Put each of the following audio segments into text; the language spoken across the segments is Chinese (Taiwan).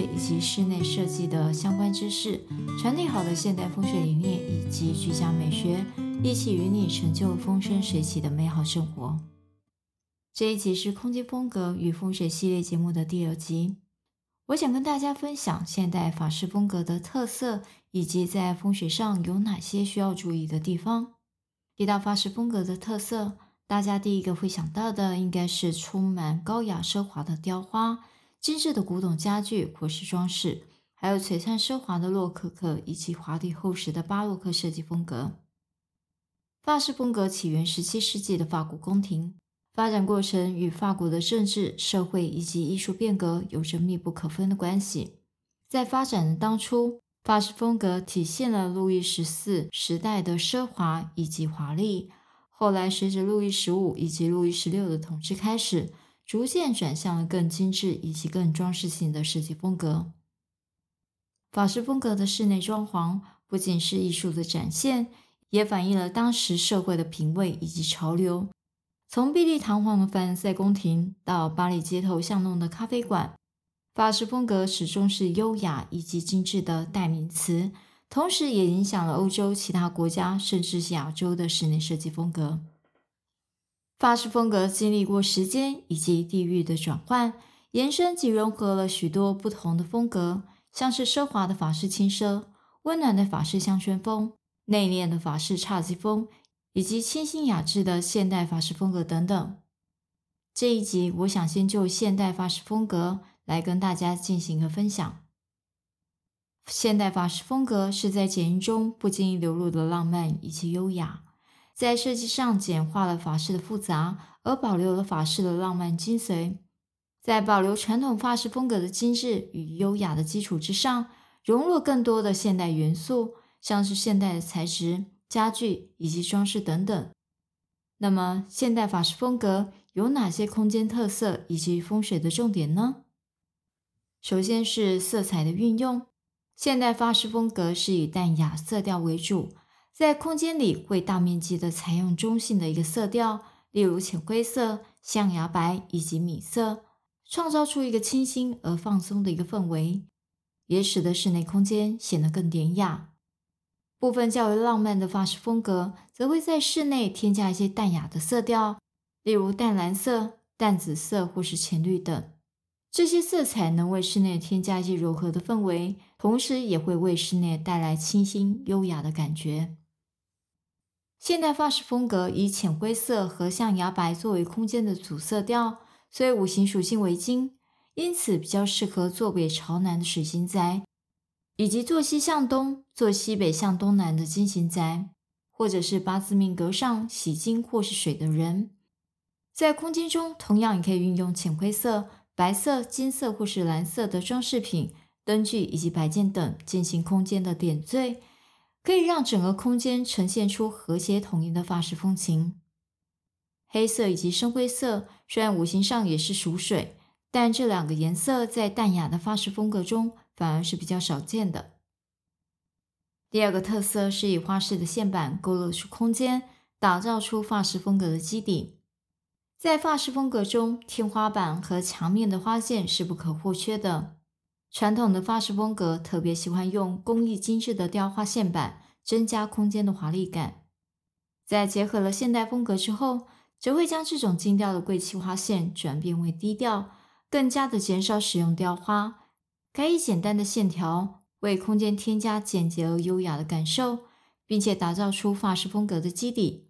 以及室內設計的相關知識，傳遞好的現代風水理念以及居家美學，一起與你成就風生水起的美好生活。這一集是空間風格與風水系列節目的第二集，我想跟大家分享現代法式風格的特色，以及在風水上有哪些需要注意的地方。提到法式風格的特色，大家第一個會想到的應該是充滿高雅奢華的雕花。精緻的古董家具、或是裝飾，還有璀璨奢華的洛可可以及華麗厚實的巴洛克設計風格。法式風格起源十七世紀的法國宮廷，發展過程與法國的政治、社會以及藝術變革有着密不可分的關係。在發展的當初，法式風格體現了路易十四時代的奢華以及華麗。後來，隨着路易十五以及路易十六的統治開始。逐漸轉向了更精緻以及更裝飾性的設計風格。法式風格的室內裝潢不僅是藝術的展現，也反映了當時社會的品味以及潮流。從碧麗堂皇的凡爾賽宮廷到巴黎街頭巷弄的咖啡館，法式風格始終是優雅以及精緻的代名詞，同時也影響了歐洲其他國家甚至亞洲的室內設計風格。法式風格經歷過時間以及地域的轉換，延伸及融合了許多不同的風格，像是奢華的法式輕奢、溫暖的法式鄉村風、內斂的法式侘寂風，以及清新雅致的現代法式風格等等。這一集，我想先就現代法式風格來跟大家進行一個分享。現代法式風格是在簡約中不經意流露的浪漫以及優雅。在設計上簡化了法式的複雜，而保留了法式的浪漫精髓。在保留傳統法式風格的精緻與優雅的基礎之上，融入更多的現代元素，像是現代的材質、家具以及裝飾等等。那麼，現代法式風格有哪些空間特色以及風水的重點呢？首先是色彩的運用，現代法式風格是以淡雅色調為主。在空間裡會大面積的採用中性的一個色調，例如淺灰色、象牙白以及米色，創造出一個清新而放鬆的一個氛圍，也使得室內空間顯得更典雅。部分較為浪漫的法式風格，則會在室內添加一些淡雅的色調，例如淡藍色、淡紫色或是淺綠等。這些色彩能為室內添加一些柔和的氛圍，同時也會為室內帶來清新優雅的感覺。現代法式風格以淺灰色和象牙白作為空間的主色調，所以五行屬性為金，因此比較適合坐北朝南的水星宅，以及坐西向東、坐西北向東南的金星宅，或者是八字命格上喜金或是水的人。在空間中，同樣也可以運用淺灰色、白色、金色或是藍色的裝飾品、燈具以及擺件等進行空間的點綴。可以讓整個空間呈現出和諧統一的法式風情。黑色以及深灰色，雖然五行上也是屬水，但這兩個顏色在淡雅的法式風格中反而是比較少見的。第二個特色是以花式的線板勾勒出空間，打造出法式風格的基底。在法式風格中，天花板和牆面的花線是不可或缺的。傳統的法式風格特別喜歡用工藝精致的雕花線板，增加空間的華麗感。在結合了現代風格之後，則會將這種精雕的貴氣花線轉變為低調，更加的減少使用雕花，改以簡單的線條為空間添加簡潔而優雅的感受，並且打造出法式風格的基底。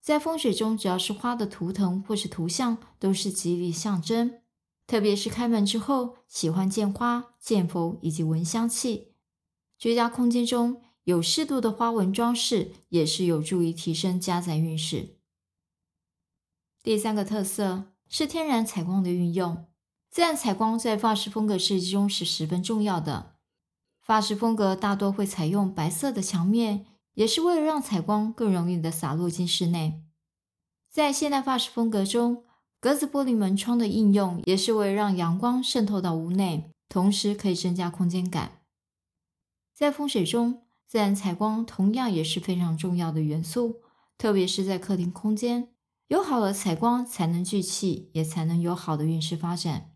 在風水中，只要是花的圖騰或是圖像，都是吉利象徵。特別是開門之後，喜歡見花、見佛以及聞香氣。居家空間中有適度的花紋裝飾，也是有助於提升家宅運勢。第三個特色是天然採光的運用。自然採光在法式風格設計中是十分重要的。法式風格大多會採用白色的牆面，也是為了讓採光更容易地灑落進室內。在現代法式風格中，格子玻璃門窗的應用也是為了讓陽光滲透到屋內，同時可以增加空間感。在風水中，自然採光同樣也是非常重要的元素，特別是在客廳空間，有好的採光才能聚氣，也才能有好的運勢發展。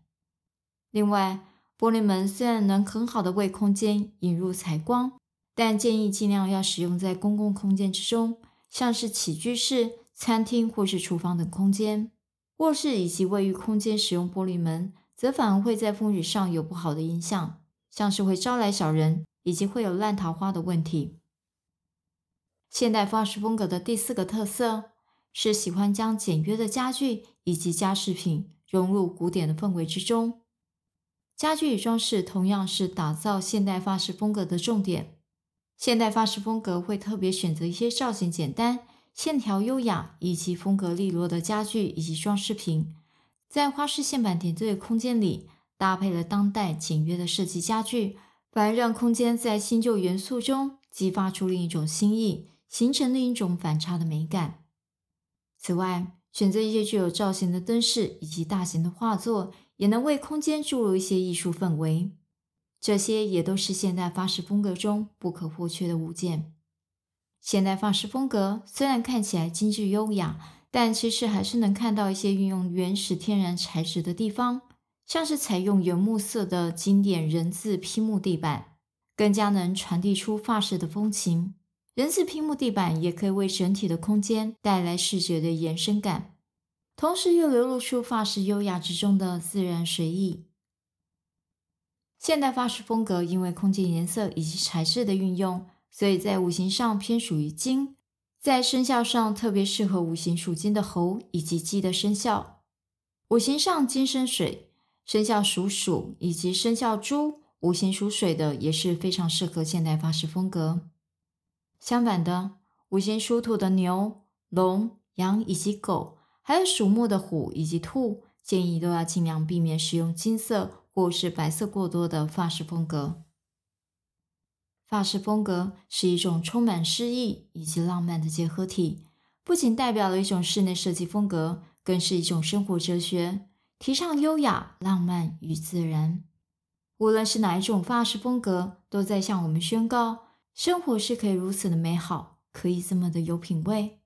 另外，玻璃門雖然能很好的為空間引入採光，但建議盡量要使用在公共空間之中，像是起居室、餐廳或是廚房等空間。臥室以及衛浴空間使用玻璃門，則反而會在風水上有不好的影響，像是會招來小人，以及會有爛桃花的問題。現代法式風格的第四個特色是喜歡將簡約的家具以及家飾品融入古典的氛圍之中。家具與裝飾同樣是打造現代法式風格的重點。現代法式風格會特別選擇一些造型簡單，線條優雅以及風格利落的家具以及裝飾品，在法式線板點綴的空間裡，搭配了當代簡約的設計家具，反而讓空間在新舊元素中激發出另一種新意，形成另一種反差的美感。此外，選擇一些具有造型的燈飾以及大型的畫作，也能為空間注入一些藝術氛圍。這些也都是現代法式風格中不可或缺的物件。現代法式風格雖然看起來精緻優雅，但其實還是能看到一些運用原始天然材質的地方，像是採用原木色的經典人字拼木地板，更加能傳遞出法式的風情。人字拼木地板也可以為整體的空間帶來視覺的延伸感，同時又流露出法式優雅之中的自然隨意。現代法式風格因為空間顏色以及材質的運用，所以在五行上偏屬於金，在生肖上特別適合五行屬金的猴以及雞的生肖。五行上金生水，生肖屬鼠以及生肖豬，五行屬水的也是非常適合現代法式風格。相反的，五行屬土的牛、龍、羊以及狗，還有屬木的虎以及兔，建議都要盡量避免使用金色或是白色過多的法式風格。法式風格是一種充滿詩意以及浪漫的結合體，不僅代表了一種室內設計風格，更是一種生活哲學，提倡優雅、浪漫與自然。無論是哪一種法式風格，都在向我們宣告：生活是可以如此的美好，可以這麼的有品味。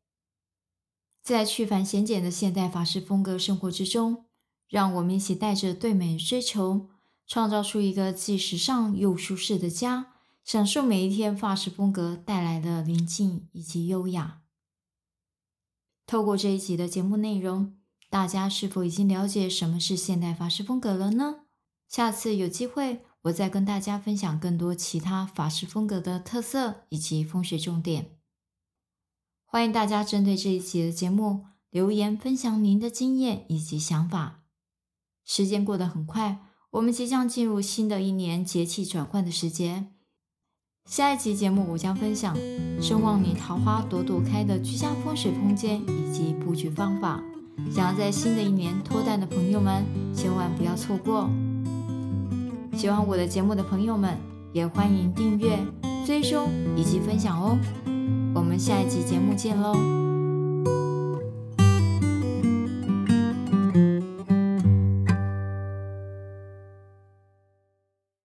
在去繁顯簡的現代法式風格生活之中，讓我們一起帶着對美追求，創造出一個既時尚又舒適的家。享受每一天法式風格帶來的寧靜以及優雅。透過這一集的節目內容，大家是否已經了解什麼是現代法式風格了呢？下次有機會，我再跟大家分享更多其他法式風格的特色以及風水重點。歡迎大家針對這一集的節目留言分享您的經驗以及想法。時間過得很快，我們即將進入新的一年節氣轉換的時間。下一期節目，我將分享“生旺你桃花朵朵開”的居家風水空間以及佈局方法。想要在新的一年脫單的朋友們，千萬不要錯過。喜歡我的節目的朋友們，也歡迎訂閱、追蹤以及分享哦。我們下一期節目見嘍！